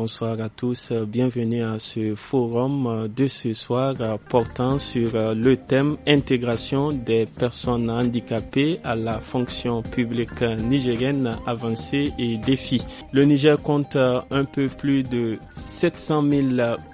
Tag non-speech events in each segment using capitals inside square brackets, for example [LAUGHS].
bonsoir à tous. Euh, bienvenue à ce forum euh, de ce soir euh, portant sur le thème intégration des personnes handicapées à la fonction publique nigérienne avancée et défi. Le Niger compte un peu plus de 700 000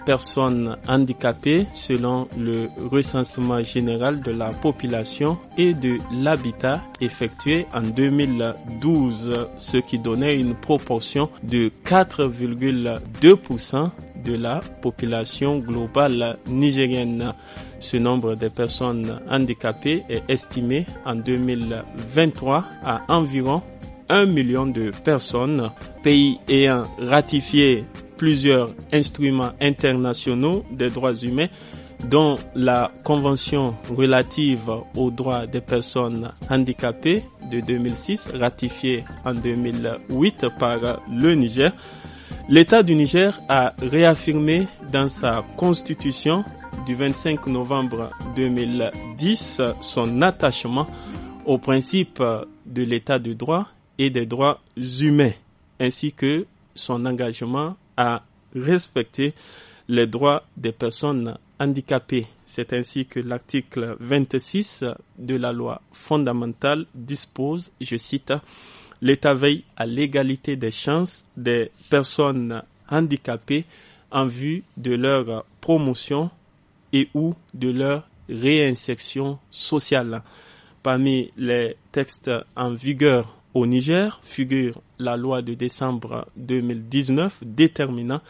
personnes handicapées selon le recensement général de la population et de l'habitat effectué en 2012, ce qui donnait une proportion de 4,5 2% de la population globale nigérienne. Ce nombre de personnes handicapées est estimé en 2023 à environ 1 million de personnes, pays ayant ratifié plusieurs instruments internationaux des droits humains, dont la Convention relative aux droits des personnes handicapées de 2006, ratifiée en 2008 par le Niger, L'État du Niger a réaffirmé dans sa constitution du 25 novembre 2010 son attachement aux principes de l'État de droit et des droits humains, ainsi que son engagement à respecter les droits des personnes handicapées. C'est ainsi que l'article 26 de la loi fondamentale dispose, je cite, l'État veille à l'égalité des chances des personnes handicapées en vue de leur promotion et ou de leur réinsertion sociale. Parmi les textes en vigueur au Niger figure la loi de décembre 2019 déterminant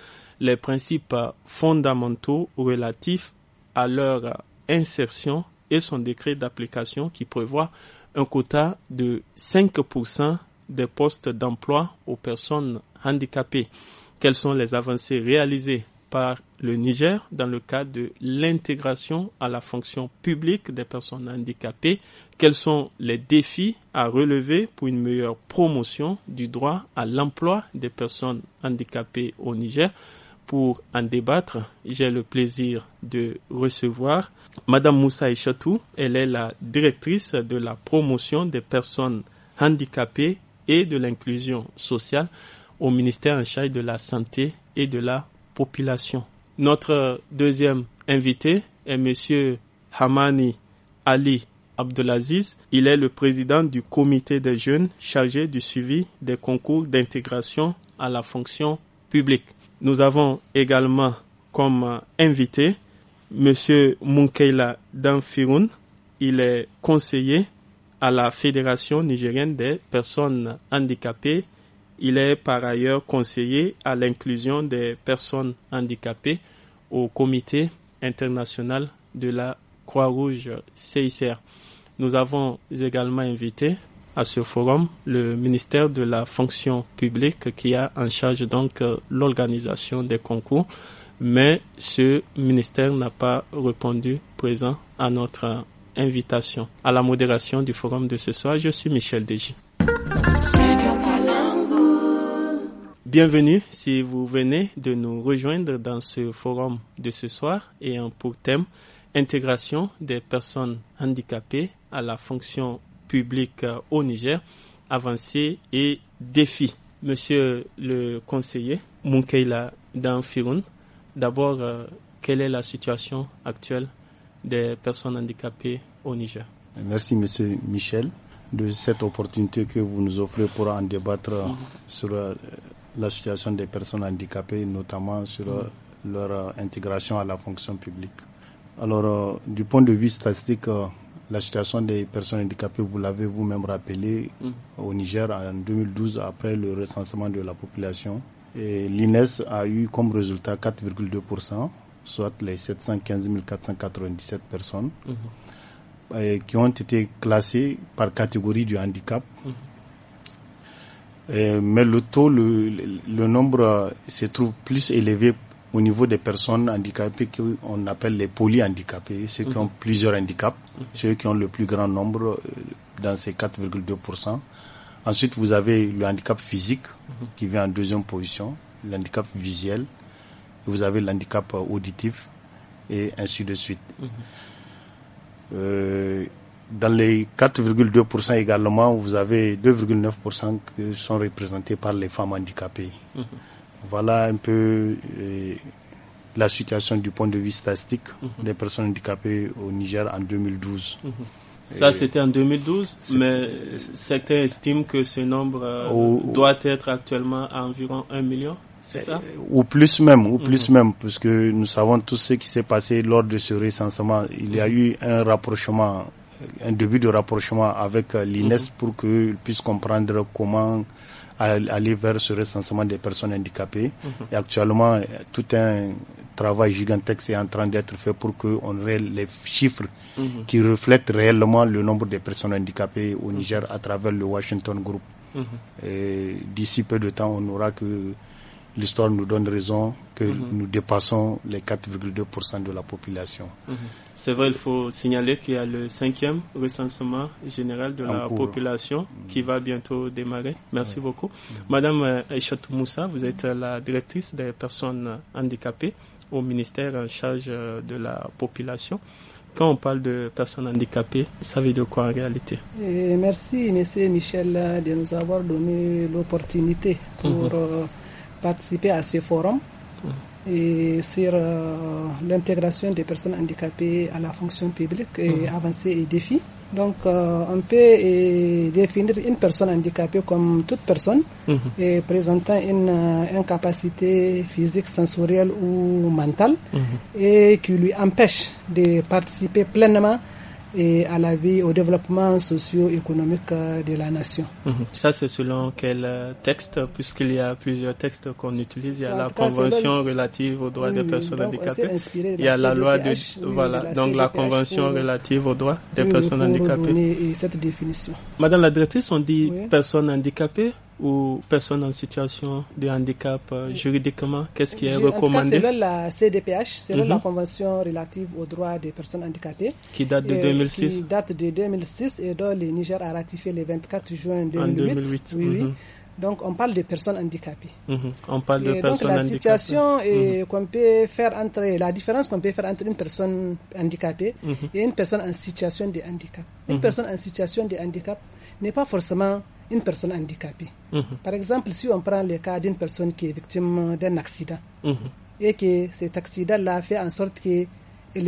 les principes fondamentaux relatifs à leur insertion et son décret d'application qui prévoit un quota de 5% des postes d'emploi aux personnes handicapées. Quelles sont les avancées réalisées par le Niger dans le cadre de l'intégration à la fonction publique des personnes handicapées Quels sont les défis à relever pour une meilleure promotion du droit à l'emploi des personnes handicapées au Niger pour en débattre, j'ai le plaisir de recevoir Madame Moussa Echatou. Elle est la directrice de la promotion des personnes handicapées et de l'inclusion sociale au ministère en charge de la santé et de la population. Notre deuxième invité est monsieur Hamani Ali Abdelaziz. Il est le président du comité des jeunes chargé du suivi des concours d'intégration à la fonction publique. Nous avons également comme invité monsieur Munkeila Danfiroun. Il est conseiller à la Fédération nigérienne des personnes handicapées. Il est par ailleurs conseiller à l'inclusion des personnes handicapées au Comité international de la Croix-Rouge CICR. Nous avons également invité à ce forum le ministère de la fonction publique qui a en charge donc euh, l'organisation des concours, mais ce ministère n'a pas répondu présent à notre invitation à la modération du forum de ce soir. Je suis Michel Deji. Bienvenue si vous venez de nous rejoindre dans ce forum de ce soir et en pour thème intégration des personnes handicapées à la fonction publique euh, au Niger, avancées et défis. Monsieur le conseiller Munkeila Danfiroun, d'abord, euh, quelle est la situation actuelle des personnes handicapées au Niger. Merci, Monsieur Michel, de cette opportunité que vous nous offrez pour en débattre mhm. sur euh, la situation des personnes handicapées, notamment sur euh, mhm. leur euh, intégration à la fonction publique. Alors, du point de vue statistique, la situation des personnes handicapées, vous l'avez vous-même rappelé, mhm. au Niger en 2012, après le recensement de la population. l'INES a eu comme résultat 4,2%, soit les 715 497 personnes mhm. euh, qui ont été classées par catégorie du handicap. Mhm. Euh, mais le taux, le, nombre euh, se trouve plus élevé au niveau des personnes handicapées qu'on appelle les polyhandicapés, ceux qui mhm. ont plusieurs handicaps, ceux qui ont le plus grand nombre dans ces 4,2%. Ensuite, vous avez le handicap physique qui vient en deuxième position, l'handicap visuel, vous avez l'handicap auditif et ainsi de suite. Mhm. Euh, dans les 4,2% également, vous avez 2,9% qui sont représentés par les femmes handicapées. Mhm. Voilà un peu euh, la situation du point de vue statistique mhm. des personnes handicapées au Niger en 2012. Ça, c'était en 2012, mais certains estiment que ce nombre euh, doit être actuellement à environ 1 million. Ça ou plus même, ou plus mhm. même, parce que nous savons tout ce qui s'est passé lors de ce recensement. Il y a eu un rapprochement, un début de rapprochement avec euh, l'INES mhm. pour qu'ils puissent comprendre comment aller vers ce recensement des personnes handicapées. Mhm. Et actuellement, tout un travail gigantesque est en train d'être fait pour qu'on ait les chiffres qui reflètent réellement le nombre de personnes handicapées au Niger à travers le Washington Group. D'ici peu de temps, on aura que l'histoire nous donne raison que mhm. nous dépassons les 4,2% de la population. Mhm. C'est vrai, il faut signaler qu'il y a le cinquième recensement général de la population mhm. qui va bientôt démarrer. Merci beaucoup. Madame Echot Moussa, vous êtes la directrice des personnes handicapées au ministère en charge euh, de la population. Quand on parle de personnes handicapées, ça veut dire quoi en réalité eh, Merci, Monsieur Michel, de nous avoir donné l'opportunité pour euh, participer à ce forum mm. et sur euh, l'intégration des personnes handicapées à la fonction publique et mmh. avancées et défis. Donc, euh, on peut euh, définir une personne handicapée comme toute personne mm-hmm. présentant une incapacité physique, sensorielle ou mentale mm-hmm. et qui lui empêche de participer pleinement et à la vie, au développement socio-économique euh, de la nation. Mhm. Ça, c'est selon quel euh, texte, puisqu'il y a plusieurs textes qu'on utilise. Il y a la Convention relative aux droits des personnes handicapées. Il y a la loi de, voilà, donc la Convention relative aux droits des personnes handicapées. Euh, cette définition. Madame la directrice, on dit personnes handicapées ou personnes en situation de handicap euh, juridiquement Qu'est-ce qui est recommandé C'est la CDPH, c'est la mhm. Convention relative aux droits des personnes handicapées. Qui date de 2006 euh, Qui date de 2006 et dont le Niger a ratifié le 24 juin 2008. Oui, mhm. Donc, on parle de personnes handicapées. Mhm. On parle de personnes donc, la situation qu'on peut faire entre, la différence qu'on peut faire entre une personne handicapée et une personne en situation de handicap. Une personne en situation de handicap n'est pas forcément une personne handicapée. Mhm. Par exemple, si on prend le cas d'une personne qui est victime d'un accident mhm. et que cet accident-là fait en sorte qu'elle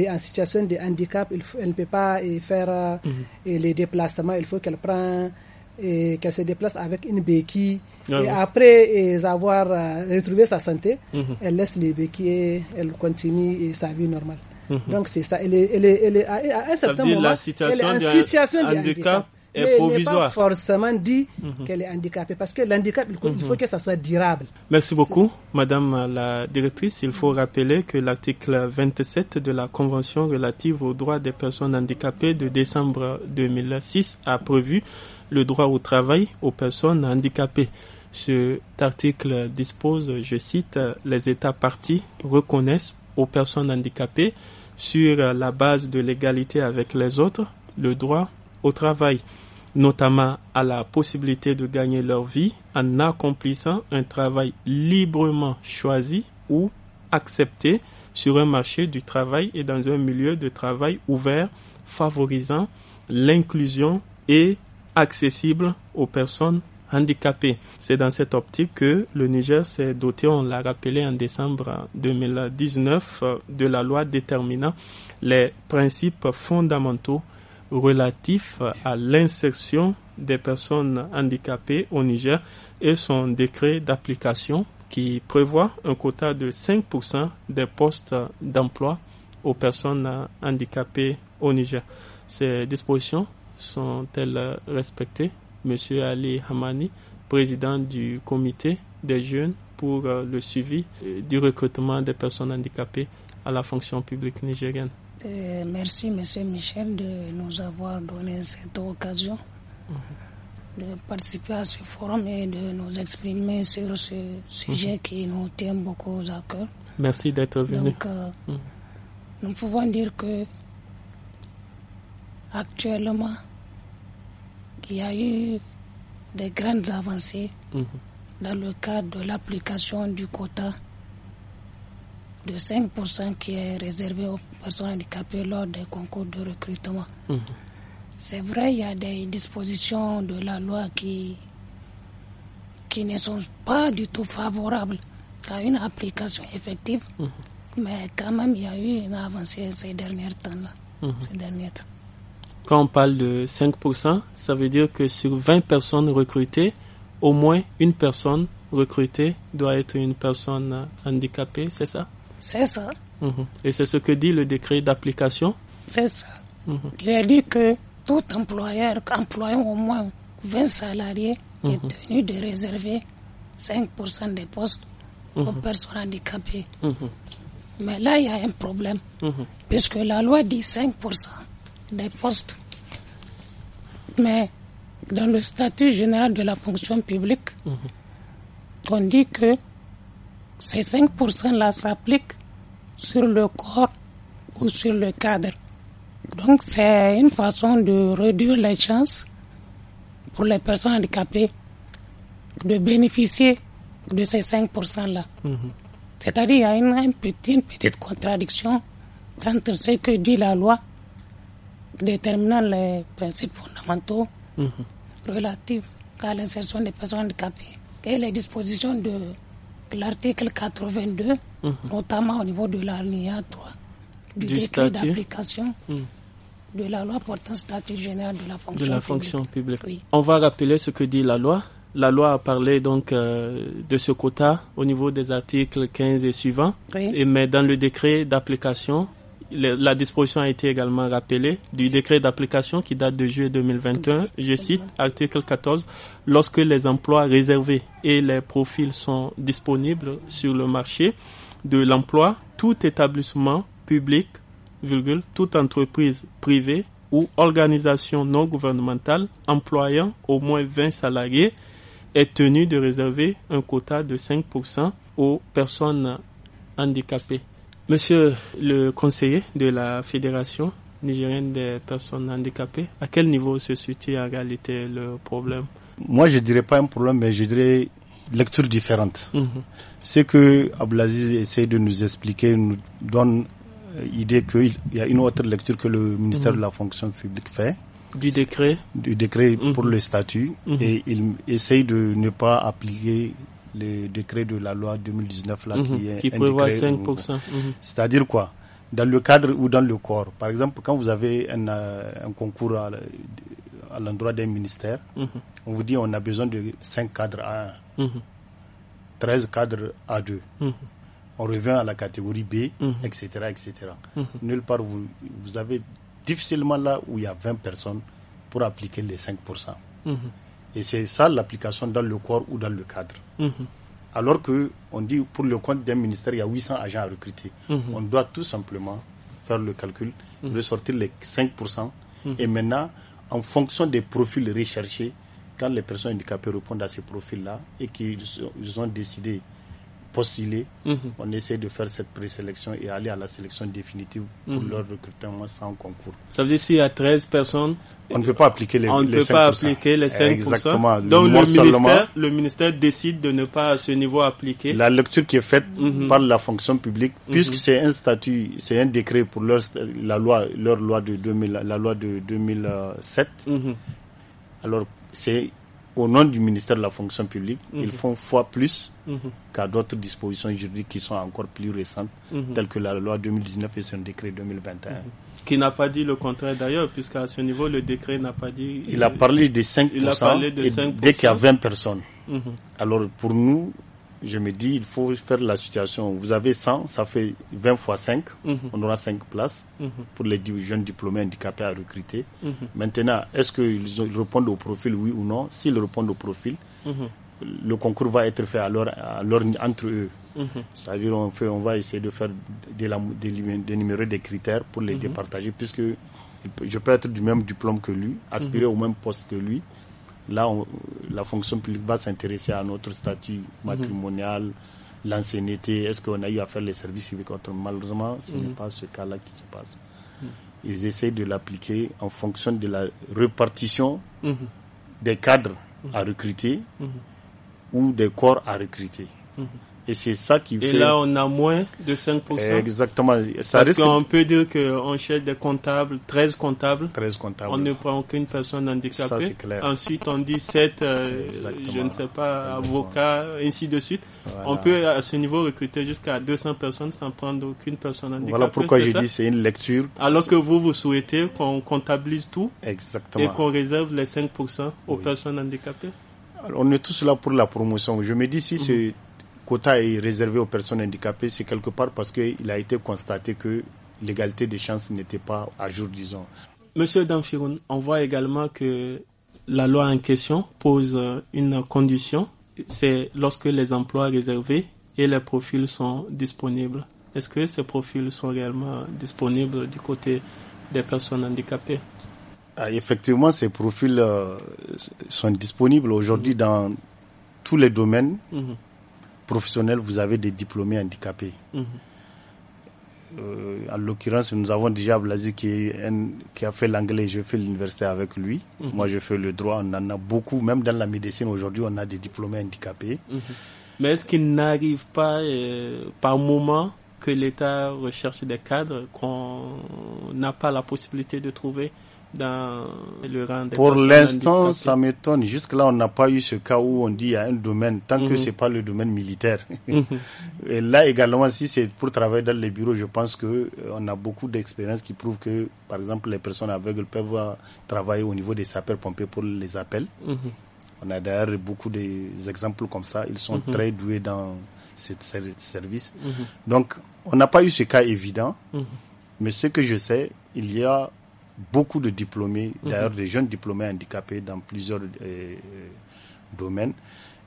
est en situation de handicap, elle ne peut pas euh, faire euh, mhm. les déplacements, il faut qu'elle prenne et qu'elle se déplace avec une béquille. Ah et après euh, avoir retrouvé sa santé, elle laisse les béquilles, elle continue sa vie normale. Donc c'est ça, elle est, elle, elle à un certain moment, elle est en situation de handicap pas forcément dit mhm. qu'elle est handicapée, parce que l'handicap, il, faut mhm. que ça soit durable. Merci beaucoup, Madame la Directrice. Il faut mhm. rappeler que l'article 27 de la Convention relative aux droits des personnes handicapées de décembre 2006 a prévu le droit au travail aux personnes handicapées. Cet article dispose, je cite, les États partis reconnaissent aux personnes handicapées sur la base de l'égalité avec les autres le droit au travail, notamment à la possibilité de gagner leur vie en accomplissant un travail librement choisi ou accepté sur un marché du travail et dans un milieu de travail ouvert, favorisant l'inclusion et accessible aux personnes handicapées. C'est dans cette optique que le Niger s'est doté, on l'a rappelé en décembre 2019, euh, de la loi déterminant les principes fondamentaux relatif à l'insertion des personnes handicapées au Niger et son décret d'application qui prévoit un quota de 5% des postes d'emploi aux personnes handicapées au Niger. Ces dispositions sont-elles respectées Monsieur Ali Hamani, président du comité des jeunes pour le suivi du recrutement des personnes handicapées à la fonction publique nigérienne. Euh, merci, Monsieur Michel, de nous avoir donné cette occasion de participer à ce forum et de nous exprimer sur ce sujet mhm. qui nous tient beaucoup à cœur. Merci d'être venu. Donc, euh, mhm. nous pouvons dire que actuellement, il y a eu des grandes avancées mhm. dans le cadre de l'application du quota de 5% qui est réservé aux personnes handicapées lors des concours de recrutement. Mmh. C'est vrai, il y a des dispositions de la loi qui, qui ne sont pas du tout favorables à une application effective, mmh. mais quand même, il y a eu une avancée ces derniers temps-là. Mmh. temps. Quand on parle de 5%, ça veut dire que sur 20 personnes recrutées, au moins une personne recrutée doit être une personne handicapée, c'est ça c'est ça. Mhm. Et c'est ce que dit le décret d'application C'est ça. Mhm. Il a dit que tout employeur employant au moins 20 salariés est mhm. tenu de réserver 5% des postes aux personnes handicapées. Mais là, il y a un problème, puisque la loi dit 5% des postes. Mais dans le statut général de la fonction publique, on dit que ces 5%-là s'appliquent sur le corps ou sur le cadre. Donc c'est une façon de réduire les chances pour les personnes handicapées de bénéficier de ces 5%-là. Mhm. C'est-à-dire il y a une, petite, contradiction entre ce que dit la loi déterminant les principes fondamentaux mhm. relatifs à l'insertion des personnes handicapées et les dispositions de l'article 82, mhm. notamment au niveau de l'alinéa 3 du, décret d'application mhm. de la loi portant statut général de la fonction publique. On va rappeler ce que dit la loi. La loi a parlé donc euh, de ce quota au niveau des articles 15 et suivants, et, mais dans le décret d'application, la disposition a été également rappelée du décret d'application qui date de juillet 2021. Je cite article 14. Lorsque les emplois réservés et les profils sont disponibles sur le marché de l'emploi, tout établissement public, toute entreprise privée ou organisation non gouvernementale employant au moins 20 salariés est tenu de réserver un quota de 5% aux personnes handicapées. Monsieur le conseiller de la Fédération nigérienne des personnes handicapées, à quel niveau se situe en réalité le problème Moi, je dirais pas un problème, mais je dirais lecture différente. Mhm. Ce que Ablaziz essaie de nous expliquer nous donne l'idée euh, qu'il y a une autre lecture que le ministère mhm. de la fonction publique fait. Du décret Du décret mhm. pour le statut. Et il essaye de ne pas appliquer le décret de la loi 2019 là, mhm. qui, prévoit 5%. Mhm. C'est-à-dire quoi Dans le cadre ou dans le corps. Par exemple, quand vous avez un, euh, concours à, l'endroit d'un ministère, mhm. on vous dit on a besoin de 5 cadres a 1, 13 cadres a 2. On revient à la catégorie B, etc. etc. Nulle part, vous, vous avez difficilement là où il y a 20 personnes pour appliquer les 5%. Et c'est ça l'application dans le corps ou dans le cadre. Mm-hmm. Alors que on dit pour le compte d'un ministère, il y a 800 agents à recruter. Mm-hmm. On doit tout simplement faire le calcul, mm-hmm. ressortir les 5%. Et maintenant, en fonction des profils recherchés, quand les personnes handicapées répondent à ces profils-là et qu'ils ont décidé postuler, on essaie de faire cette présélection et aller à la sélection définitive pour leur recrutement sans concours. Ça veut dire s'il y a 13 personnes, on ne peut pas appliquer les, 5%. On Exactement. Donc le ministère, décide de ne pas à ce niveau appliquer. La lecture qui est faite mhm. par la fonction publique, mhm. puisque c'est un statut, c'est un décret pour leur, la loi, leur loi de la loi de 2007. Euh, mhm. Alors c'est au nom du ministère de la fonction publique, ils font fois plus qu'à d'autres dispositions juridiques qui sont encore plus récentes, telles que la loi 2019 et son décret 2021 qui n'a pas dit le contraire d'ailleurs, puisqu'à ce niveau, le décret n'a pas dit. Il, a parlé de 5%, il dès qu'il y a 20 personnes. Mhm. Alors pour nous, je me dis, il faut faire la situation. Vous avez 100, ça fait 20 fois 5. Mhm. On aura 5 places mhm. pour les jeunes diplômés handicapés à recruter. Maintenant, est-ce qu'ils répondent au profil, oui ou non S'ils répondent au profil, le concours va être fait entre eux. Mhm. C'est-à-dire on, on va essayer de faire d'énumérer des critères pour les mhm. départager, puisque je peux être du même diplôme que lui, aspirer mhm. au même poste que lui. Là, la fonction publique va s'intéresser à notre statut matrimonial, l'ancienneté, est-ce qu'on a eu à faire les services civiques Malheureusement, ce n'est pas ce cas-là qui se passe ils essayent de l'appliquer en fonction de la répartition des cadres à recruter ou des corps à recruter. Et c'est ça qui fait. Et là, on a moins de 5%. Exactement. Parce qu'on peut dire qu'on cherche des comptables, 13 comptables. 13 comptables. On ne prend aucune personne handicapée. Ça, c'est clair. Ensuite, on dit 7, euh, je ne sais pas, avocats, ainsi de suite. On peut, à ce niveau, recruter jusqu'à 200 personnes sans prendre aucune personne handicapée. Voilà pourquoi je dis c'est une lecture. Alors que vous, vous souhaitez qu'on comptabilise tout. Exactement. Et qu'on réserve les 5% aux personnes handicapées. Alors, on est tous là pour la promotion. Je me dis si mhm. c'est quota est réservé aux personnes handicapées, c'est quelque part parce qu'il a été constaté que l'égalité des chances n'était pas à jour, disons. Monsieur Danfiroun, on voit également que la loi en question pose euh, une condition, c'est lorsque les emplois réservés et les profils sont disponibles. Est-ce que ces profils sont réellement disponibles du côté des personnes handicapées ah, Effectivement, ces profils euh, sont disponibles aujourd'hui dans tous les domaines. Mhm professionnels, vous avez des diplômés handicapés. Mhm. Euh, en l'occurrence, nous avons déjà Blasi qui, a fait l'anglais, je fais l'université avec lui. Mhm. Moi, je fais le droit. On en a beaucoup, même dans la médecine aujourd'hui, on a des diplômés handicapés. Mhm. Mais est-ce qu'il n'arrive pas euh, par moment que l'État recherche des cadres qu'on n'a pas la possibilité de trouver dans le Pour l'instant, ça m'étonne. Jusque-là, on n'a pas eu ce cas où on dit il y a un domaine, tant que mhm. c'est pas le domaine militaire. Mhm. [LAUGHS] Et là également, si c'est pour travailler dans les bureaux, je pense qu'on euh, on a beaucoup d'expériences qui prouvent que, par exemple, les personnes aveugles peuvent euh, travailler au niveau des sapeurs-pompiers pour les appels. Mhm. On a d'ailleurs beaucoup d'exemples comme ça. Ils sont très doués dans ce service. Donc, on n'a pas eu ce cas évident. Mais ce que je sais, il y a beaucoup de diplômés, mhm. d'ailleurs des jeunes diplômés handicapés dans plusieurs euh, euh, domaines.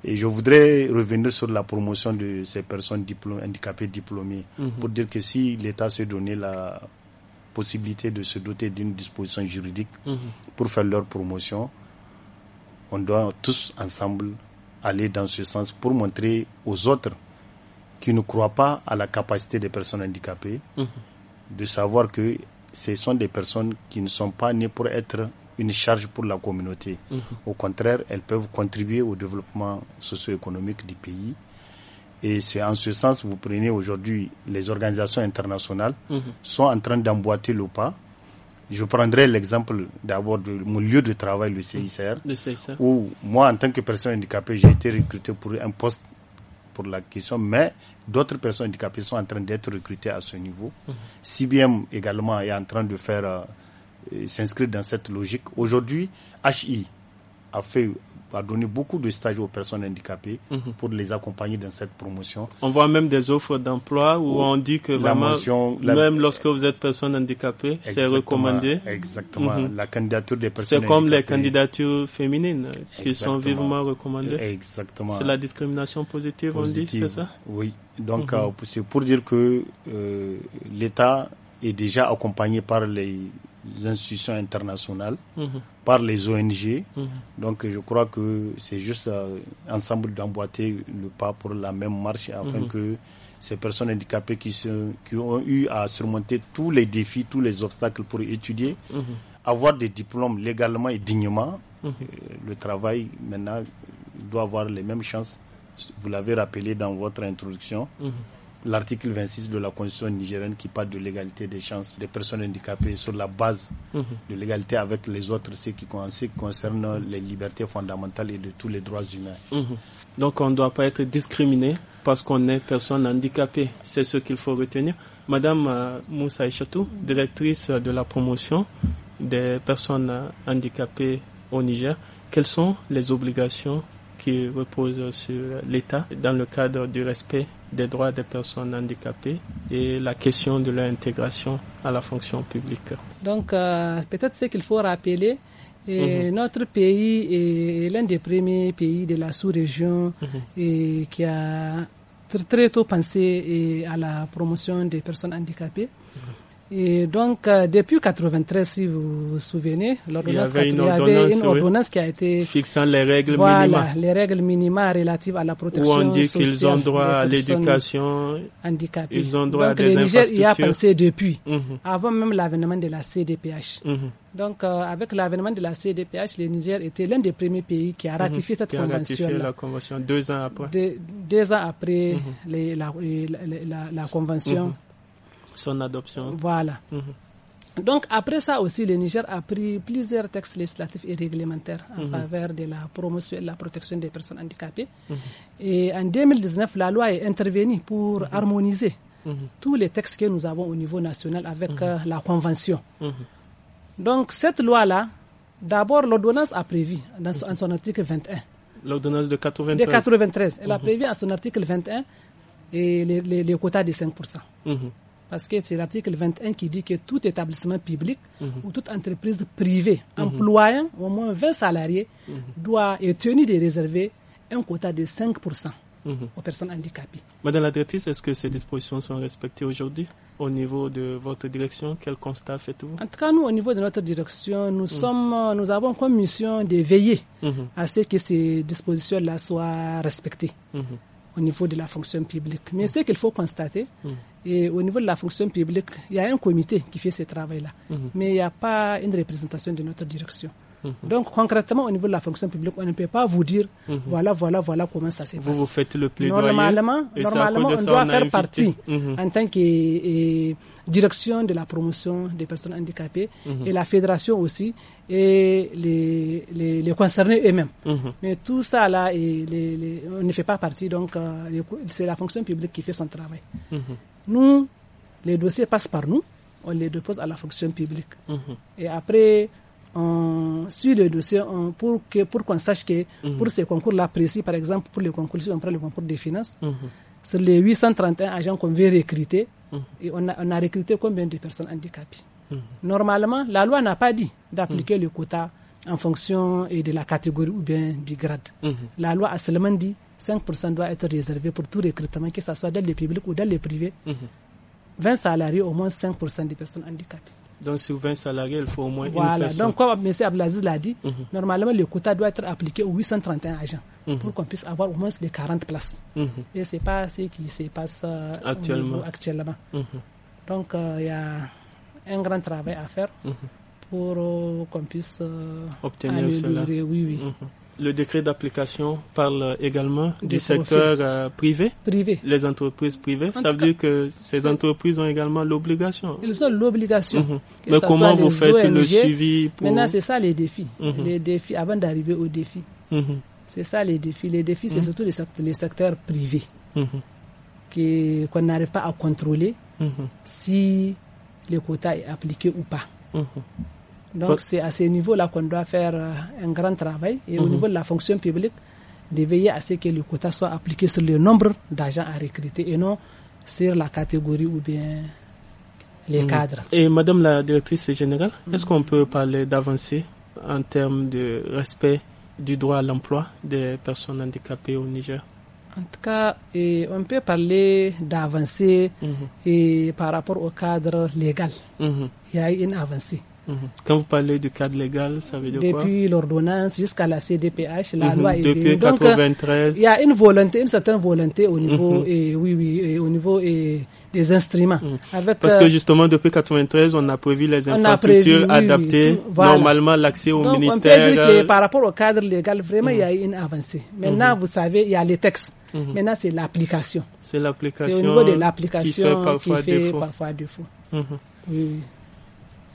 Et je voudrais revenir sur la promotion de ces personnes diplômées, handicapées diplômées mhm. pour dire que si l'État se donnait la possibilité de se doter d'une disposition juridique mhm. pour faire leur promotion. On doit tous ensemble aller dans ce sens pour montrer aux autres qui ne croient pas à la capacité des personnes handicapées de savoir que ce sont des personnes qui ne sont pas nées pour être une charge pour la communauté. Mhm. Au contraire, elles peuvent contribuer au développement socio-économique du pays. Et c'est en ce sens, vous prenez aujourd'hui les organisations internationales mhm. sont en train d'emboîter le pas. Je prendrai l'exemple d'abord de mon lieu de travail, le mhm. CICR, où moi, en tant que personne handicapée, j'ai été recruté pour un poste pour la question, mais d'autres personnes handicapées sont en train d'être recrutées à ce niveau. CBM également est en train de faire euh, euh, s'inscrire dans cette logique. Aujourd'hui, HI a fait donner beaucoup de stages aux personnes handicapées mhm. pour les accompagner dans cette promotion. On voit même des offres d'emploi où, oh, on dit que vraiment, même lorsque vous êtes personne handicapée, c'est recommandé. Exactement. Mhm. La candidature des personnes C'est comme les candidatures féminines qui sont vivement recommandées. Exactement. C'est la discrimination positive, on dit, c'est ça Oui. Donc, mhm. euh, c'est pour dire que euh, l'État est déjà accompagné par les institutions internationales, mhm. par les ONG. Mhm. Donc je crois que c'est juste euh, ensemble d'emboîter le pas pour la même marche afin mhm. que ces personnes handicapées qui, se, qui ont eu à surmonter tous les défis, tous les obstacles pour étudier, avoir des diplômes légalement et dignement, euh, le travail maintenant doit avoir les mêmes chances. Vous l'avez rappelé dans votre introduction l'article 26 de la Constitution nigérienne qui parle de l'égalité des chances des personnes handicapées sur la base mhm. de l'égalité avec les autres, ce qui, concerne les libertés fondamentales et de tous les droits humains. Mhm. Donc on ne doit pas être discriminé parce qu'on est personne handicapée. C'est ce qu'il faut retenir. Madame euh, Moussa Echatou, directrice de la promotion des personnes handicapées au Niger, quelles sont les obligations qui repose sur l'État dans le cadre du respect des droits des personnes handicapées et la question de leur intégration à la fonction publique. Donc, euh, peut-être ce qu'il faut rappeler, et mhm. Notre pays est l'un des premiers pays de la sous-région mhm. et qui a très, très tôt pensé à la promotion des personnes handicapées. Et donc, euh, depuis 93, si vous vous souvenez, l'ordonnance il y avait une ordonnance, qui a été fixant les règles voilà, les règles minimales relatives à la protection sociale. Où on dit qu'ils ont droit à l'éducation, handicapées. Ils ont droit donc, à des le Niger y a pensé depuis, mhm. avant même l'avènement de la CDPH. Mhm. Donc, euh, avec l'avènement de la CDPH, le Niger était l'un des premiers pays qui a mhm. ratifié cette convention. cette a convention. Ratifié la convention deux ans après. deux ans après la, convention son adoption. Voilà. Mhm. Donc après ça aussi, le Niger a pris plusieurs textes législatifs et réglementaires en faveur mhm. de la promotion et de la protection des personnes handicapées. Mhm. Et en 2019, la loi est intervenue pour harmoniser tous les textes que nous avons au niveau national avec euh, la Convention. Donc cette loi-là, d'abord l'ordonnance a prévu son, en son article 21. L'ordonnance de 93. De 93. Elle a prévu à son article 21 et les, quotas de 5% parce que c'est l'article 21 qui dit que tout établissement public mhm. ou toute entreprise privée mhm. employant au moins 20 salariés mhm. doit être tenu de réserver un quota de 5% aux personnes handicapées. Madame la directrice, est-ce que ces dispositions sont respectées aujourd'hui au niveau de votre direction Quel constat faites-vous En tout cas, nous, au niveau de notre direction, nous, sommes, nous avons comme mission de veiller à ce que ces dispositions-là soient respectées au niveau de la fonction publique. Mais ce qu'il faut constater, et au niveau de la fonction publique, il y a un comité qui fait ce travail-là, mhm. mais il n'y a pas une représentation de notre direction. Mhm. Donc concrètement, au niveau de la fonction publique, on ne peut pas vous dire mhm. voilà, voilà, voilà comment ça se passe ». Vous faites le plaidoyer. Normalement, normalement on doit faire partie en tant que direction de la promotion des personnes handicapées et la fédération aussi et les, concernés eux-mêmes. Mais tout ça, là, et on ne fait pas partie, donc euh, c'est la fonction publique qui fait son travail. Nous, les dossiers passent par nous, on les dépose à la fonction publique. Et après, on suit le dossier pour qu'on pour sache que mhm. pour ces concours-là précis, par exemple, pour les concours, si on prend le concours des finances, mm sur les 831 agents qu'on veut recruter, mhm. et on, a, on a recruté combien de personnes handicapées mhm. Normalement, la loi n'a pas dit d'appliquer le quota en fonction et de la catégorie ou bien du grade. La loi a seulement dit 5% doit être réservé pour tout recrutement, que ce soit dans le public ou dans le privé. 20 mhm. salariés, au moins 5% des personnes handicapées. Donc, sur 20 salariés, il faut au moins une personne. Donc, comme M. Abdelaziz l'a dit, mhm. normalement, le quota doit être appliqué aux 831 agents mhm. pour qu'on puisse avoir au moins les 40 places. Et ce n'est pas ce qui se passe euh, actuellement. Donc, euh, il y a un grand travail à faire pour euh, qu'on puisse obtenir améliorer. Cela. Oui, oui. Le décret d'application parle également du, secteur euh, privé. Privé. Les entreprises privées. ça veut dire que ces entreprises ont également l'obligation. Ils ont l'obligation. Mhm. Mais comment vous faites le suivi pour... Maintenant, c'est ça les défis. Mhm. Les défis, avant d'arriver aux défis. Mhm. C'est ça les défis. Les défis, c'est surtout les secteurs, privés qu'on n'arrive pas à contrôler si le quota est appliqué ou pas. Donc c'est à ce niveau-là qu'on doit faire euh, un grand travail et au mhm. niveau de la fonction publique, de veiller à ce que le quota soit appliqué sur le nombre d'agents à recruter et non sur la catégorie ou bien les mhm. cadres. Et Madame la Directrice Générale, mhm. est-ce qu'on peut parler d'avancée en termes de respect du droit à l'emploi des personnes handicapées au Niger En tout cas, on peut parler d'avancée et par rapport au cadre légal. Il y a une avancée. Mhm. Quand vous parlez du cadre légal, ça veut dire quoi Depuis l'ordonnance jusqu'à la CDPH, la mhm. loi est Depuis 93. Euh, il y a une volonté, une certaine volonté au niveau, mhm. et, oui, oui, au niveau et, des instruments. Parce que euh, justement, depuis 93, on a prévu les infrastructures adaptées, normalement l'accès au ministère. Euh, par rapport au cadre légal, vraiment, il y a une avancée. Maintenant, vous savez, il y a les textes. Maintenant, c'est l'application. C'est l'application. C'est au niveau de l'application qui fait parfois défaut. Oui.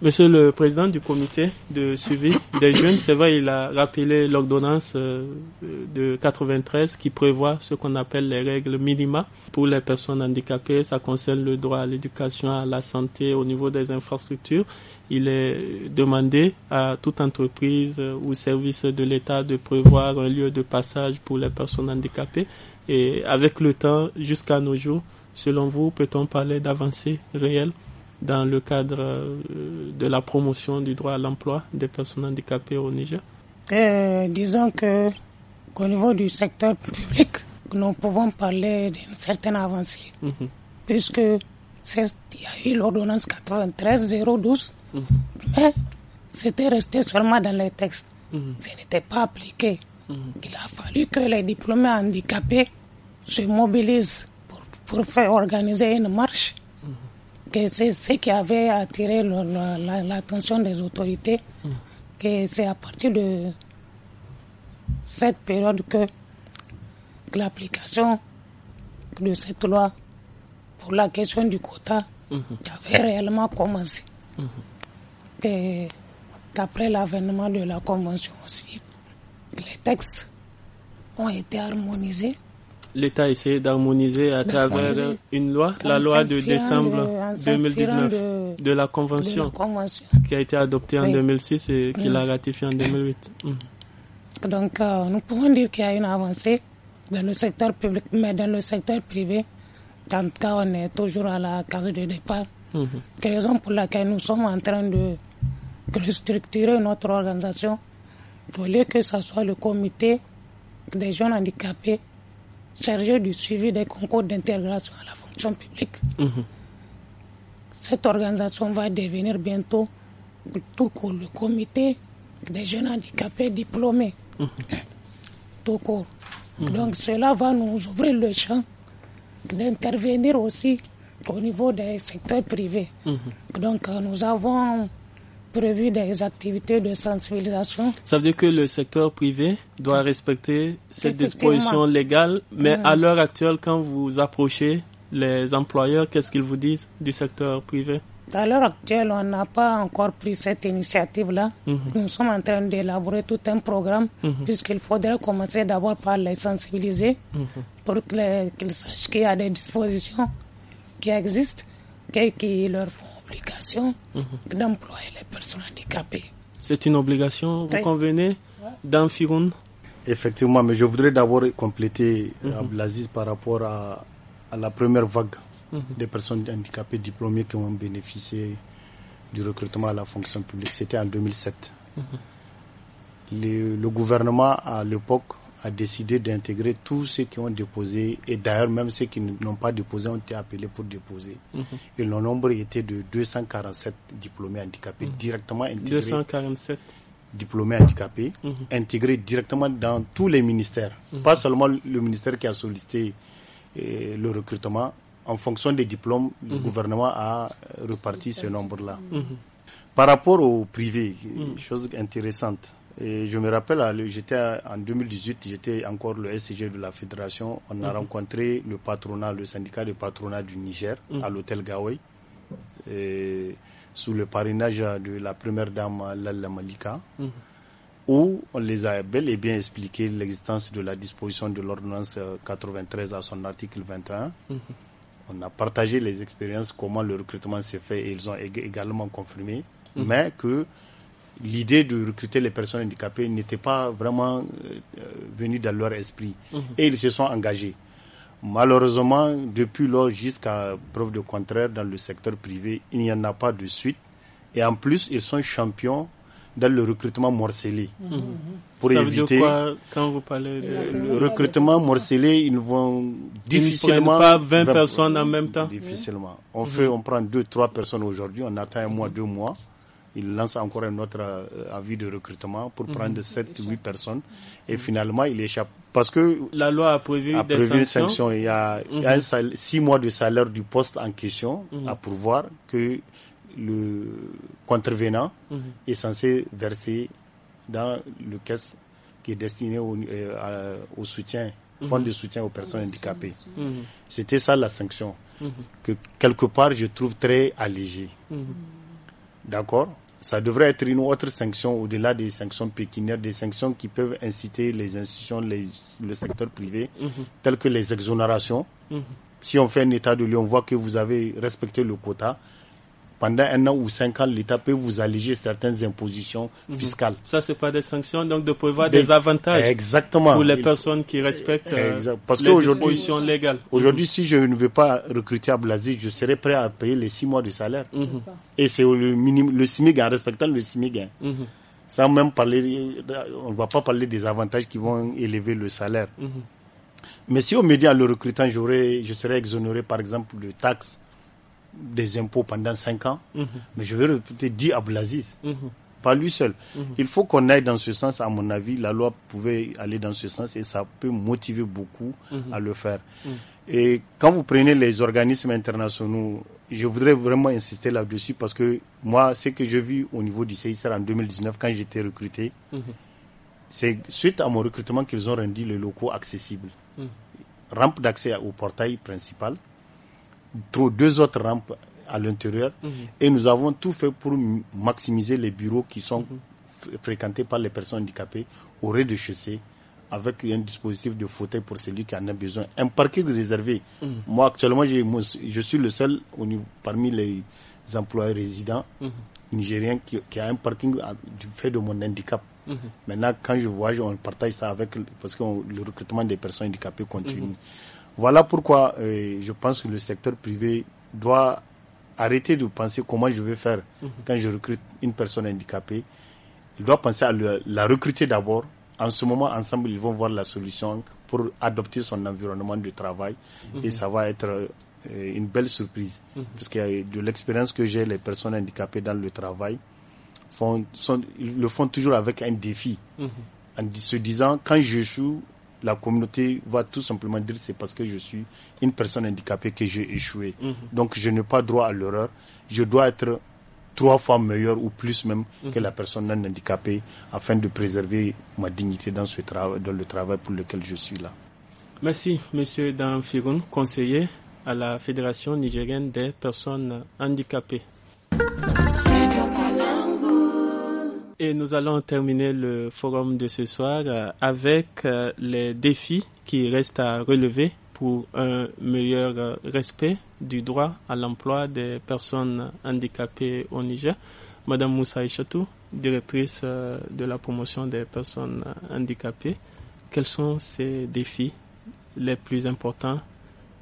Monsieur le président du comité de suivi des jeunes, c'est vrai, il a rappelé l'ordonnance euh, de 93 qui prévoit ce qu'on appelle les règles minima pour les personnes handicapées. Ça concerne le droit à l'éducation, à la santé, au niveau des infrastructures. Il est demandé à toute entreprise ou service de l'État de prévoir un lieu de passage pour les personnes handicapées. Et avec le temps, jusqu'à nos jours, selon vous, peut-on parler d'avancées réelles dans le cadre euh, de la promotion du droit à l'emploi des personnes handicapées au Niger Disons que qu'au niveau du secteur public, nous pouvons parler d'une certaine avancée, mhm. puisqu'il il y a eu l'ordonnance 93-012, mhm. mais c'était resté seulement dans les textes. Mhm. Ce n'était pas appliqué. Il a fallu que les diplômés handicapés se mobilisent pour faire organiser une marche que c'est ce qui avait attiré l'attention des autorités, que c'est à partir de cette période que, l'application de cette loi pour la question du quota mhm. avait réellement commencé. Mhm. Et après l'avènement de la Convention aussi, les textes ont été harmonisés l'État essaie d'harmoniser à travers une loi, la loi de décembre 2019 de, la convention, qui a été adoptée en 2006 et qui l'a ratifiée en 2008. Mm. Donc, euh, nous pouvons dire qu'il y a une avancée dans le secteur public, mais dans le secteur privé, dans le cas, on est toujours à la case de départ. Mhm. raison pour laquelle nous sommes en train de restructurer notre organisation. Au lieu que ce soit le comité des jeunes handicapés chargé du suivi des concours d'intégration à la fonction publique. Mhm. Cette organisation va devenir bientôt le comité des jeunes handicapés diplômés. Mhm. Mhm. Donc cela va nous ouvrir le champ d'intervenir aussi au niveau des secteurs privés. Donc euh, nous avons prévu des activités de sensibilisation. Ça veut dire que le secteur privé doit respecter cette disposition légale, mais à mm. l'heure actuelle, quand vous approchez les employeurs, qu'est-ce qu'ils vous disent du secteur privé à l'heure actuelle, on n'a pas encore pris cette initiative-là. Mm-hmm. Nous sommes en train d'élaborer tout un programme, mm-hmm. puisqu'il faudrait commencer d'abord par les sensibiliser, mm-hmm. pour qu'ils sachent qu'il y a des dispositions qui existent et qui leur font obligation d'employer les personnes handicapées. C'est une obligation, vous convenez, dans Firon? Effectivement, mais je voudrais d'abord compléter euh, mhm. Ablaziz par rapport à, la première vague mhm. des personnes handicapées diplômées qui ont bénéficié du recrutement à la fonction publique. C'était en 2007. Mhm. le, gouvernement, à l'époque, a décidé d'intégrer tous ceux qui ont déposé, et d'ailleurs même ceux qui n'ont pas déposé ont été appelés pour déposer. Mhm. Et le nombre était de 247 diplômés handicapés mhm. directement intégrés. 247 diplômés handicapés, mhm. intégrés directement dans tous les ministères. Pas seulement le ministère qui a sollicité euh, le recrutement. En fonction des diplômes, le gouvernement a reparti ce nombre-là. Par rapport au privé, chose intéressante, je me rappelle, j'étais en 2018, j'étais encore le SCG de la fédération. On a mhm. rencontré le patronat, le syndicat de patronat du Niger mhm. à l'hôtel Gawai, sous le parrainage de la première dame Lalla Malika, mhm. où on les a bel et bien expliqué l'existence de la disposition de l'ordonnance 93 euh, à son article 21. On a partagé les expériences, comment le recrutement s'est fait et ils ont également confirmé, mais que l'idée de recruter les personnes handicapées n'était pas vraiment euh, euh, venue dans leur esprit. Mhm. Et ils se sont engagés. Malheureusement, depuis lors jusqu'à preuve de contraire, dans le secteur privé, il n'y en a pas de suite. Et en plus, ils sont champions dans le recrutement morcelé. Mhm. Mhm. Pour éviter quand vous parlez de... Le recrutement morcelé, ils vont difficilement... Ils pas 20, personnes en même temps Difficilement. On, fait, on prend 2-3 personnes aujourd'hui, on attend un mois, deux mois il lance encore un autre euh, avis de recrutement pour mhm. prendre 7-8 personnes. Et finalement, il échappe. Parce que la loi a prévu, a prévu des sanctions. Il y a, 6 mhm. six mois de salaire du poste en question mhm. à pourvoir que le contrevenant est censé verser dans le caisse qui est destiné au, euh, au soutien, fonds de soutien aux personnes handicapées. C'était ça la sanction, que quelque part je trouve très allégée. D'accord ça devrait être une autre sanction au-delà des sanctions pécuniaires, des sanctions qui peuvent inciter les institutions, le secteur privé, tels mhm. telles que les exonérations. Mhm. Si on fait un état de lieu, on voit que vous avez respecté le quota pendant un an ou cinq ans, l'État peut vous alléger certaines impositions mhm. fiscales. Ça, c'est pas des sanctions, donc de prévoir des, avantages pour les personnes qui respectent euh, les dispositions légales. Aujourd'hui, mhm. si je ne veux pas recruter à Blasi, je serai prêt à payer les six mois de salaire. Mhm. Et c'est le minimum, le SMIG en respectant le SMIG. Hein. Sans même parler, on ne va pas parler des avantages qui vont élever le salaire. Mais si on me dit en le recrutant, je serai exonéré par exemple de taxes des impôts pendant 5 ans. Mhm. Mais je veux répéter, dit à mhm. Pas lui seul. Mhm. Il faut qu'on aille dans ce sens, à mon avis. La loi pouvait aller dans ce sens et ça peut motiver beaucoup à le faire. Et quand vous prenez les organismes internationaux, je voudrais vraiment insister là-dessus parce que moi, ce que je vis au niveau du CICR en 2019 quand j'étais recruté, c'est suite à mon recrutement qu'ils ont rendu les locaux accessibles. Rampe d'accès au portail principal, deux autres rampes à l'intérieur mhm. et nous avons tout fait pour maximiser les bureaux qui sont fréquentés par les personnes handicapées au rez-de-chaussée avec un dispositif de fauteuil pour celui qui en a besoin. Un parking réservé. Mhm. Moi, actuellement, je suis le seul parmi les employés résidents mhm. nigériens qui, a un parking du fait de mon handicap. Maintenant, quand je voyage, on partage ça avec, parce que le recrutement des personnes handicapées continue. Voilà pourquoi euh, je pense que le secteur privé doit arrêter de penser comment je vais faire mhm. quand je recrute une personne handicapée. Il doit penser à la recruter d'abord. En ce moment, ensemble, ils vont voir la solution pour adopter son environnement de travail mhm. et ça va être euh, une belle surprise. Mhm. Parce que de l'expérience que j'ai, les personnes handicapées dans le travail font, le font toujours avec un défi. En se disant, quand je suis la communauté va tout simplement dire c'est parce que je suis une personne handicapée que j'ai échoué. Mhm. Donc je n'ai pas droit à l'erreur. Je dois être trois fois meilleur ou plus même mhm. que la personne non handicapée afin de préserver ma dignité dans, ce travail, dans le travail pour lequel je suis là. Merci, Monsieur Dan Firun, conseiller à la Fédération nigérienne des personnes handicapées. Et nous allons terminer le forum de ce soir euh, avec euh, les défis qui restent à relever pour un meilleur euh, respect du droit à l'emploi des personnes handicapées au Niger. Madame Moussa Ishatou, directrice de la promotion des personnes handicapées, quels sont ces défis les plus importants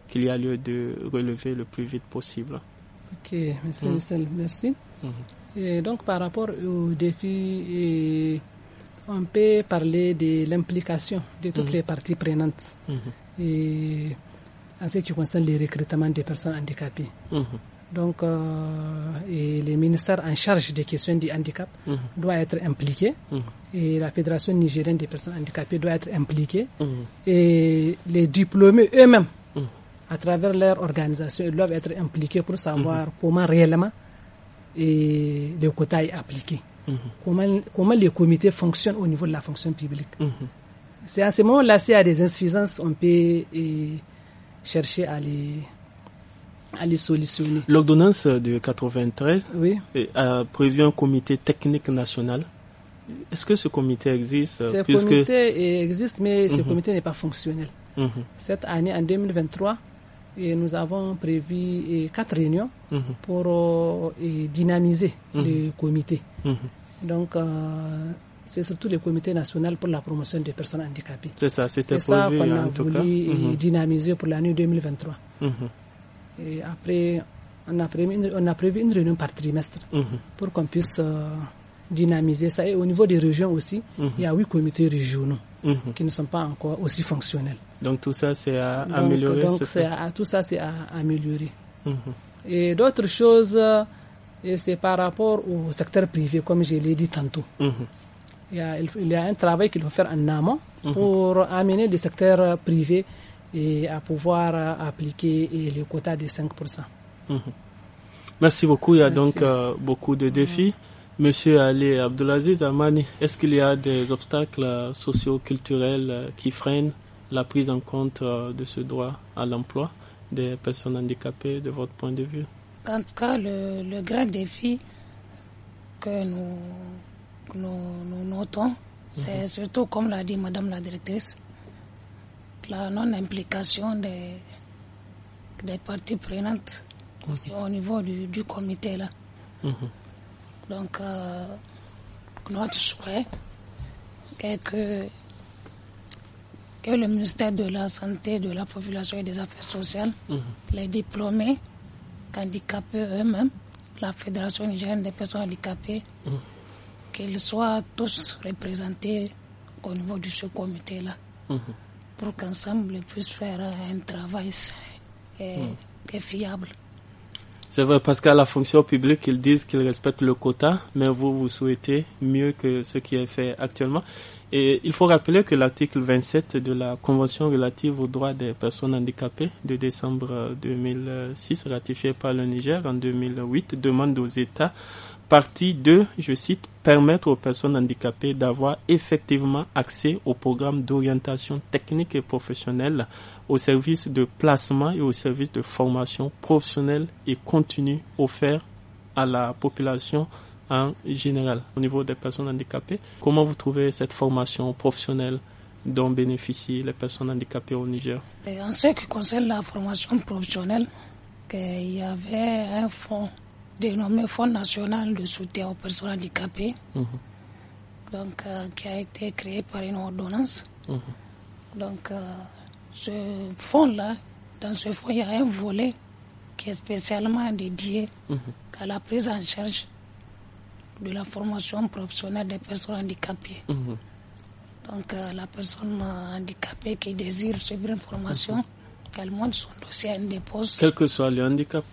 qu'il y a lieu de relever le plus vite possible Ok, mm. merci. Mm-hmm donc par rapport au défi, on peut parler de l'implication de toutes mhm. les parties prenantes. Mhm. Et en ce qui concerne le recrutement des personnes handicapées. Mhm. Donc, euh, les ministères en charge des questions du handicap doivent être impliqués et la Fédération nigérienne des personnes handicapées doit être impliquée et les diplômés eux-mêmes, à travers leur organisation, doivent être impliqués pour savoir comment réellement et le quota est appliqué. Mhm. Comment, comment les comités fonctionnent au niveau de la fonction publique. Mhm. C'est à ce moment-là, s'il y a des insuffisances, on peut chercher à les, à les solutionner. L'ordonnance de 93 oui. a euh, prévu un comité technique national. Est-ce que ce comité existe euh, Ce comité existe, mais ce mhm. comité n'est pas fonctionnel. Cette année, en 2023, et nous avons prévu eh, quatre réunions mhm. pour eh, eh, dynamiser mhm. les comités. Mhm. Donc, euh, c'est surtout les comités national pour la promotion des personnes handicapées. C'est ça, c'était ça qu'on hein, a voulu dynamiser pour l'année 2023. Et après, on a, prévu une, réunion par trimestre pour qu'on puisse... Euh, dynamiser ça. Et au niveau des régions aussi, il y a huit comités régionaux mhm. qui ne sont pas encore aussi fonctionnels. Donc tout ça, c'est à améliorer. Donc à, tout ça, c'est à améliorer. Mhm. Et d'autres choses, euh, c'est par rapport au secteur privé, comme je l'ai dit tantôt. Mhm. Il y, a, un travail qu'il faut faire en amont pour amener le secteurs euh, privés et à pouvoir euh, appliquer le quota de 5%. Merci beaucoup. Il y a donc beaucoup de défis. Monsieur Ali Abdelaziz Amani, est-ce qu'il y a des obstacles socio-culturels qui freinent la prise en compte euh, de ce droit à l'emploi des personnes handicapées de votre point de vue En tout cas, le, grand défi que nous, nous, notons, c'est mhm. surtout, comme l'a dit Madame la directrice, la non-implication des, des parties prenantes au niveau du, comité. là. Mhm. Donc, euh, notre souhait est que, que le ministère de la Santé, de la Population et des Affaires sociales, mhm. les diplômés, handicapés eux-mêmes, la Fédération nigérienne des personnes handicapées, mhm. qu'ils soient tous représentés au niveau de ce comité-là, mhm. pour qu'ensemble ils puissent faire un travail sain et fiable. C'est vrai, parce qu'à la fonction publique, ils disent qu'ils respectent le quota, mais vous, vous souhaitez mieux que ce qui est fait actuellement. Et il faut rappeler que l'article 27 de la Convention relative aux droits des personnes handicapées de décembre 2006, ratifiée par le Niger en 2008, demande aux États partie 2, je cite, permettre aux personnes handicapées d'avoir effectivement accès aux programmes d'orientation technique et professionnelle, aux services de placement et aux services de formation professionnelle et continue offerts à la population en général. Au niveau des personnes handicapées, comment vous trouvez cette formation professionnelle dont bénéficient les personnes handicapées au Niger En ce qui concerne la formation professionnelle, il y avait un fonds dénommé Fonds national de soutien aux personnes handicapées, mhm. donc, euh, qui a été créé par une ordonnance. Mhm. Donc, euh, ce fonds-là, dans ce fonds, il y a un volet qui est spécialement dédié mhm. à la prise en charge de la formation professionnelle des personnes handicapées. Donc, euh, la personne handicapée qui désire suivre une formation qu'elle monte son dossier elle dépose. Quel que soit le handicap.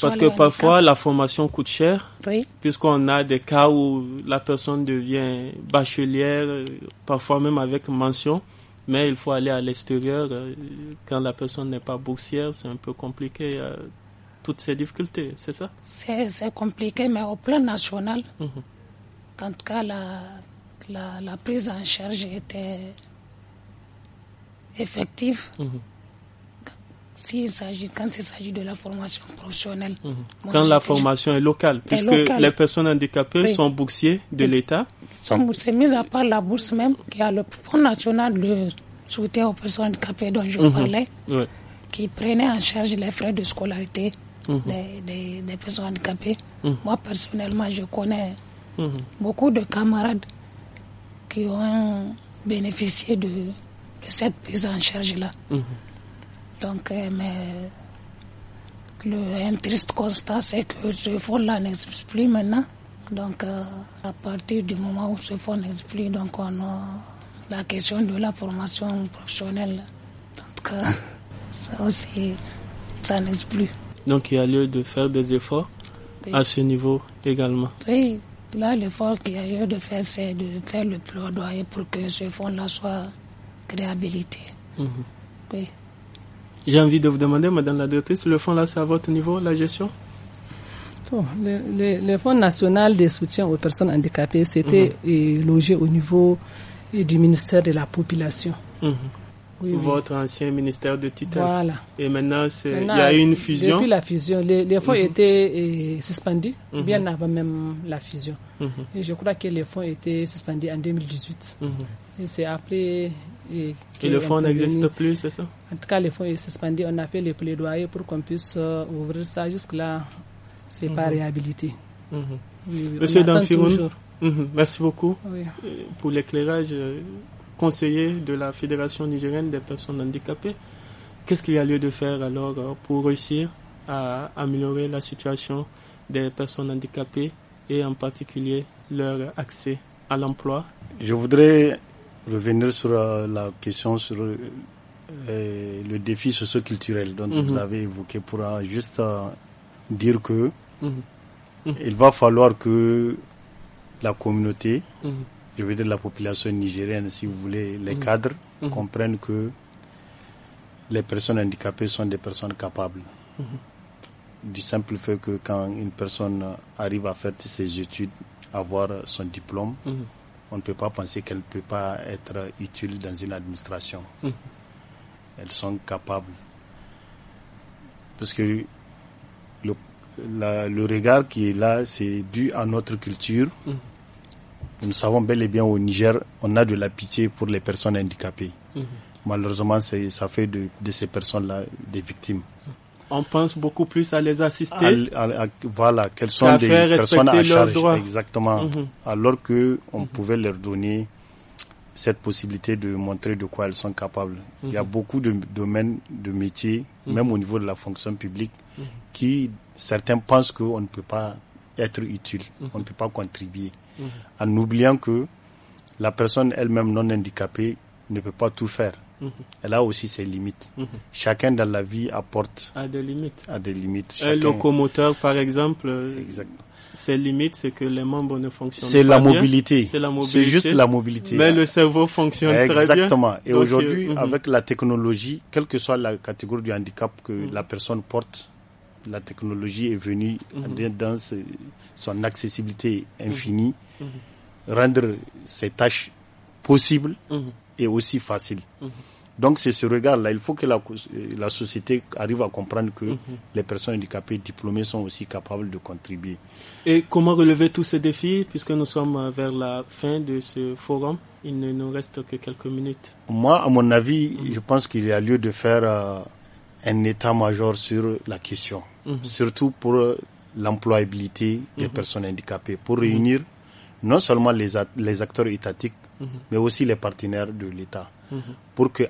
Parce que parfois la formation coûte cher. Oui. Puisqu'on a des cas où la personne devient bachelière, parfois même avec mention. Mais il faut aller à l'extérieur. Euh, quand la personne n'est pas boursière, c'est un peu compliqué. Euh, toutes ces difficultés, c'est ça C'est compliqué, mais au plan national, mhm. en tout cas, la, prise en charge était effective. Mhm s'agit, quand il s'agit de la formation professionnelle. Mhm. quand la formation est locale, puisque les personnes handicapées sont boursiers de l'État. C'est mis à part la bourse même, qui a le Fonds national de soutien aux personnes handicapées dont je mhm. parlais, qui prenait en charge les frais de scolarité mhm. des, des, personnes handicapées. Moi, personnellement, je connais beaucoup de camarades qui ont bénéficié de cette prise en charge-là. Donc, euh, mais le, un triste constat, c'est que ce fonds-là n'existe plus maintenant. Donc, euh, à partir du moment où ce fonds n'existe plus, donc on a la question de la formation professionnelle. Donc, euh, [LAUGHS] ça aussi, ça n'existe plus. Donc, il y a lieu de faire des efforts à ce niveau également. Oui, là, l'effort qu'il y a lieu de faire, c'est de faire le plaidoyer pour que ce fonds-là soit réhabilité. Mhm. Oui. J'ai envie de vous demander, Madame la directrice, le fonds là, c'est à votre niveau, la gestion le, Fonds national de soutien aux personnes handicapées, c'était mhm. euh, logé au niveau euh, du ministère de la Population. Mhm. votre ancien ministère de tutelle. Voilà. Et maintenant, il y a eu une fusion. Depuis la fusion, les, fonds mhm. étaient euh, suspendus, bien avant même la fusion. Et je crois que les fonds étaient suspendus en 2018. Et c'est après. Et, le fonds n'existe plus, c'est ça En tout cas, le fonds est suspendu. On a fait les plaidoyers pour qu'on puisse euh, ouvrir ça. Jusque-là, c'est n'est pas mhm. réhabilité. Mhm. Monsieur Danfiron, mhm. merci beaucoup euh, pour l'éclairage euh, conseiller de la Fédération nigérienne des personnes handicapées. Qu'est-ce qu'il y a lieu de faire alors pour réussir à améliorer la situation des personnes handicapées et en particulier leur accès à l'emploi Je voudrais revenir sur euh, la question sur euh, euh, le défi socio-culturel dont vous mhm. avez évoqué pour juste dire que mhm. Mhm. il va falloir que la communauté, je veux dire la population nigérienne, si vous voulez, les cadres comprennent que les personnes handicapées sont des personnes capables. Du simple fait que quand une personne arrive à faire ses études, avoir son diplôme, on ne peut pas penser qu'elle ne peuvent pas être utile dans une administration. Hum. Elles sont capables. Parce que le, regard qui est là, c'est dû à notre culture. Hum. Nous savons bel et bien au Niger, on a de la pitié pour les personnes handicapées. Hum. Malheureusement, ça fait de ces personnes-là des victimes on pense beaucoup plus à les assister. À, voilà, qu'elles sont à Exactement. Mhm. Alors que on mhm. pouvait leur donner cette possibilité de montrer de quoi elles sont capables. Il y a mhm. beaucoup de domaines de métiers, même au niveau de la fonction publique, qui certains pensent qu'on ne peut pas être utile, on ne peut pas contribuer, en oubliant que la personne elle-même non handicapée ne peut pas tout faire. Elle a aussi ses limites. Chacun dans la vie apporte. À des limites. À des limites. Un locomoteur, par exemple. Euh, Exactement. Ces limites, c'est que les membres ne fonctionnent pas. C'est la mobilité. C'est la mobilité. C'est juste la mobilité. Mais le cerveau fonctionne très bien. Exactement. Et aujourd'hui, euh, avec mhm. la technologie, quelle que soit la catégorie du handicap que mhm. la personne porte, la technologie est venue mhm. dans son accessibilité infinie, rendre ses tâches possible mhm. et aussi facile. Mhm. Donc c'est ce regard-là. Il faut que la, la, société arrive à comprendre que mhm. les personnes handicapées diplômées sont aussi capables de contribuer. Et comment relever tous ces défis puisque nous sommes vers la fin de ce forum Il ne nous reste que quelques minutes. Moi, à mon avis, je pense qu'il y a lieu de faire euh, un état-major sur la question, surtout pour euh, l'employabilité des personnes handicapées, pour réunir non seulement les acteurs étatiques, Mhm. mais aussi les partenaires de l'État, mhm. pour que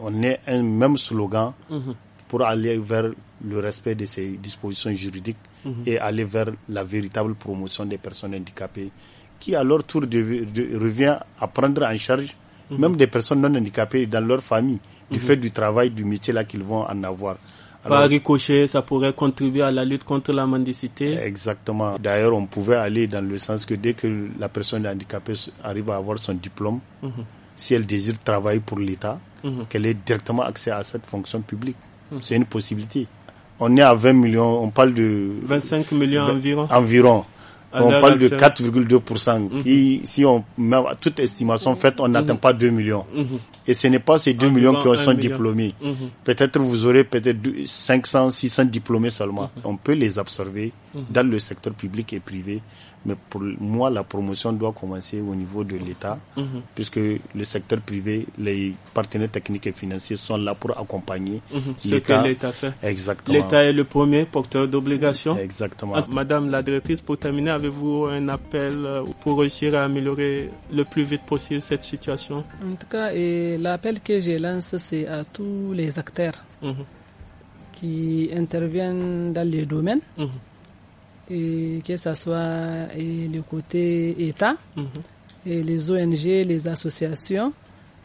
on ait un même slogan mhm. pour aller vers le respect de ces dispositions juridiques et aller vers la véritable promotion des personnes handicapées, qui à leur tour revient à prendre en charge même des personnes non handicapées dans leur famille, du fait du travail, du métier là qu'ils vont en avoir par ricochet, ça pourrait contribuer à la lutte contre la mendicité. Exactement. D'ailleurs, on pouvait aller dans le sens que dès que la personne handicapée arrive à avoir son diplôme, mhm. si elle désire travailler pour l'État, mhm. qu'elle ait directement accès à cette fonction publique. Mhm. C'est une possibilité. On est à 20 millions, on parle de... 25 millions environ. Environ on parle de 4,2%, mhm. qui, si on met toute estimation faite, on mhm. n'atteint pas 2 millions. Mhm. Et ce n'est pas ces 2 millions qui sont diplômés. Peut-être vous aurez peut-être 500, 600 diplômés seulement. On peut les absorber dans le secteur public et privé mais pour moi, la promotion doit commencer au niveau de l'État, mhm. puisque le secteur privé, les partenaires techniques et financiers sont là pour accompagner. Mhm. Ce que l'État fait. Exactement. L'État est le premier porteur d'obligations. Exactement. Ah, madame la directrice, pour terminer, avez-vous un appel euh, pour réussir à améliorer le plus vite possible cette situation En tout cas, l'appel que je lance, c'est à tous les acteurs mhm. qui interviennent dans les domaines et que ce soit le côté État, mhm. et les ONG, les associations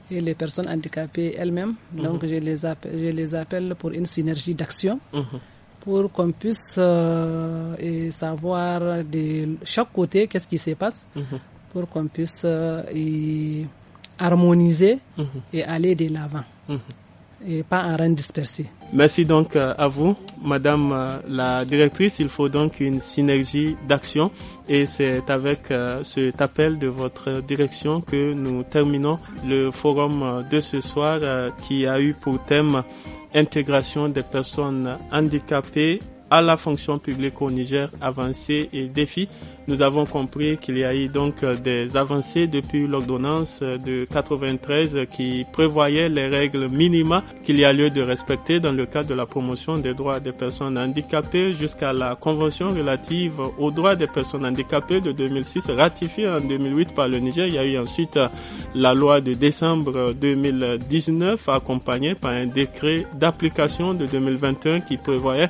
et les personnes handicapées elles-mêmes. Mhm. Donc je les, appelle, je les appelle pour une synergie d'action. Mhm. pour qu'on puisse euh, et savoir de chaque côté qu'est-ce qui se passe, pour qu'on puisse euh, harmoniser et aller de l'avant et pas en reine dispersé. Merci donc euh, à vous, Madame euh, la Directrice. Il faut donc une synergie d'action et c'est avec euh, cet appel de votre direction que nous terminons le forum de ce soir qui a eu pour thème intégration des personnes handicapées à la fonction publique au Niger, avancées et défis. Nous avons compris qu'il y a eu donc euh, des avancées depuis l'ordonnance de 93 qui prévoyait les règles minima qu'il y a lieu de respecter dans le cadre de la promotion des droits des personnes handicapées jusqu'à la convention relative aux droits des personnes handicapées de 2006 ratifiée en 2008 par le Niger. Il y a eu ensuite la loi de décembre 2019 accompagnée par un décret d'application de 2021 qui prévoyait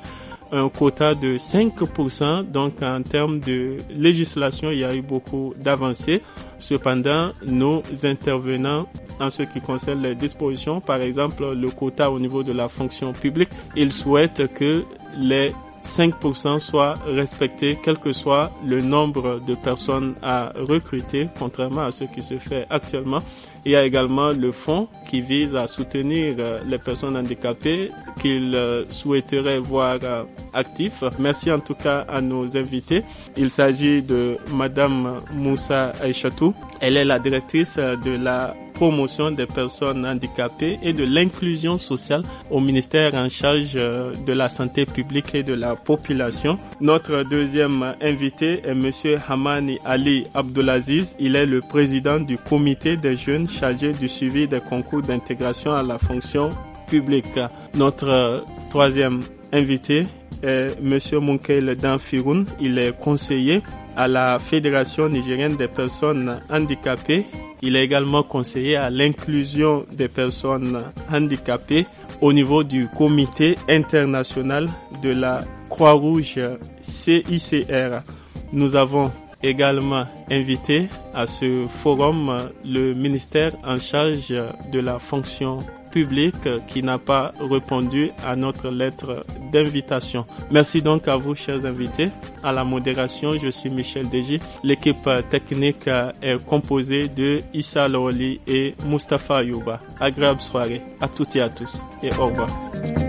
un quota de 5%. Donc en termes de législation, il y a eu beaucoup d'avancées. Cependant, nos intervenants en ce qui concerne les dispositions, par exemple le quota au niveau de la fonction publique, ils souhaitent que les 5% soient respectés, quel que soit le nombre de personnes à recruter, contrairement à ce qui se fait actuellement. Il y a également le fonds qui vise à soutenir euh, les personnes handicapées qu'ils euh, souhaiteraient voir euh, actifs. Merci en tout cas à nos invités. Il s'agit de Madame Moussa Aïchatou. Elle est la directrice de la promotion des personnes handicapées et de l'inclusion sociale au ministère en charge euh, de la santé publique et de la population. Notre deuxième invité est Monsieur Hamani Ali Abdulaziz. Il est le président du comité des jeunes chargé du suivi des concours d'intégration à la fonction publique. Notre euh, troisième invité est Monsieur Munkele Danfiroun. Il est conseiller à la Fédération nigérienne des personnes handicapées. Il est également conseillé à l'inclusion des personnes handicapées au niveau du comité international de la Croix-Rouge CICR. Nous avons également invité à ce forum le ministère en charge de la fonction public qui n'a pas répondu à notre lettre d'invitation. Merci donc à vous, chers invités. À la modération, je suis Michel Deji. L'équipe technique est composée de Issa Loli et Mustafa Yuba. Agréable soirée à toutes et à tous et au revoir.